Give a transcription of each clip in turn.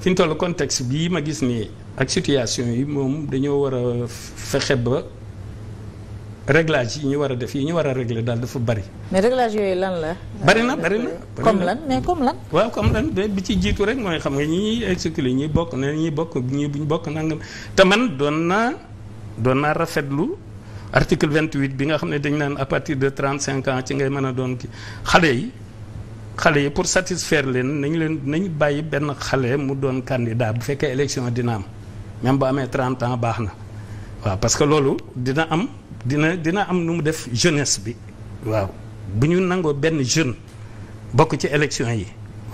fi ñu toll contexte bii ma gis nii ak situation yi moom dañoo war a fexe ba réglage yi ñu war a def yi ñu war a régler daal dafa bari. mais réglage yooyu lan la. bari na bari na comme lan mais comme lan. waaw comme lan bi ci jiitu rek mooy xam nga ñi exécuté ñi bokk na ñi bokk ñi buñ bokk nangam te man doon naa doon naa rafetlu. article 28 bi nga xam ne dañ naan à partir de 35 ans ci ngay mën a doon ki xale yi xale yi pour satisfaire leen nañu leen nañu bàyyi benn xale mu doon candidat bu fekkee élection dina am même bu amee 30 ans baax na waaw parce que loolu dina am dina dina am nu mu def jeunesse bi waaw bu ñu nangoo benn jeune bokk ci élection yi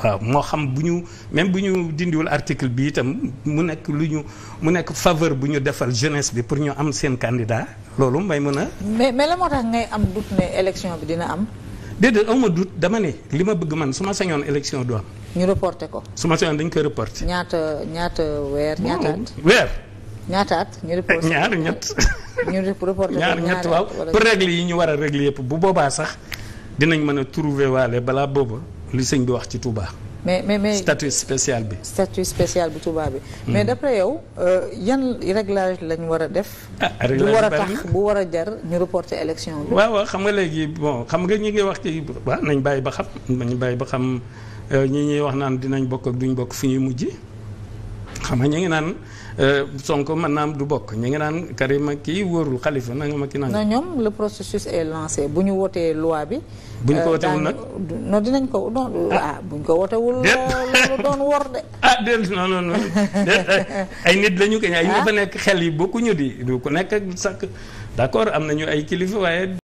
waaw moo xam bu ñu même bu ñu dindiwul article bi itam mu nekk lu ñu mu nekk faveur bu ñu defal jeunesse bi pour ñu am seen candidat loolu may mën a. mais moo tax ngay am doute ne élection bi dina am. déedéet aw ma dut dama ne li ma bëgg man su ma señoon élection du am. ñu reporté ko. su ma sañoon dañ koy reporté. ñaata ñaata weer ñaata weer. ñaata at ñu reporté ñaar ñett. ñu reporté ko ñaar ñett waaw pour régler yi ñu war a régler yëpp bu boobaa sax dinañ mën a trouver waale balaa booba li sëñ bi wax ci Touba. mais mais mais statut spécial bi. statut spécial bu Touba bi. Hmm. mais d'après yow euh, yan réglage lañu war a def. ah bu war a tax bu war a jar ñu reporter élection bi. waaw waaw xam nga léegi bon xam nga ñi ngi wax ci waaw nañ bàyyi ba xam nañ bàyyi ba xam euh, ñi ñuy wax naan dinañ bokk ak duñu bokk fu ñuy mujj. xam nga ñu ngi naan euh, Sonko mën naa am du bokk ñu ngi naan ma kii wóorul Khalifa nanga ma ki nanga. non ñoom le processus est lancé bu ñu wootee loi bi. bu ñu ko euh, wotewul nag non dinañ ko non ah bu ko wotewul loolu doon wor de ah déet non non non ay nit lañu kañ ay ñu ah. fa nekk xel yi bokkuñu di du ku nekk ak sàkk d'accord am nañu ay kilifa waaye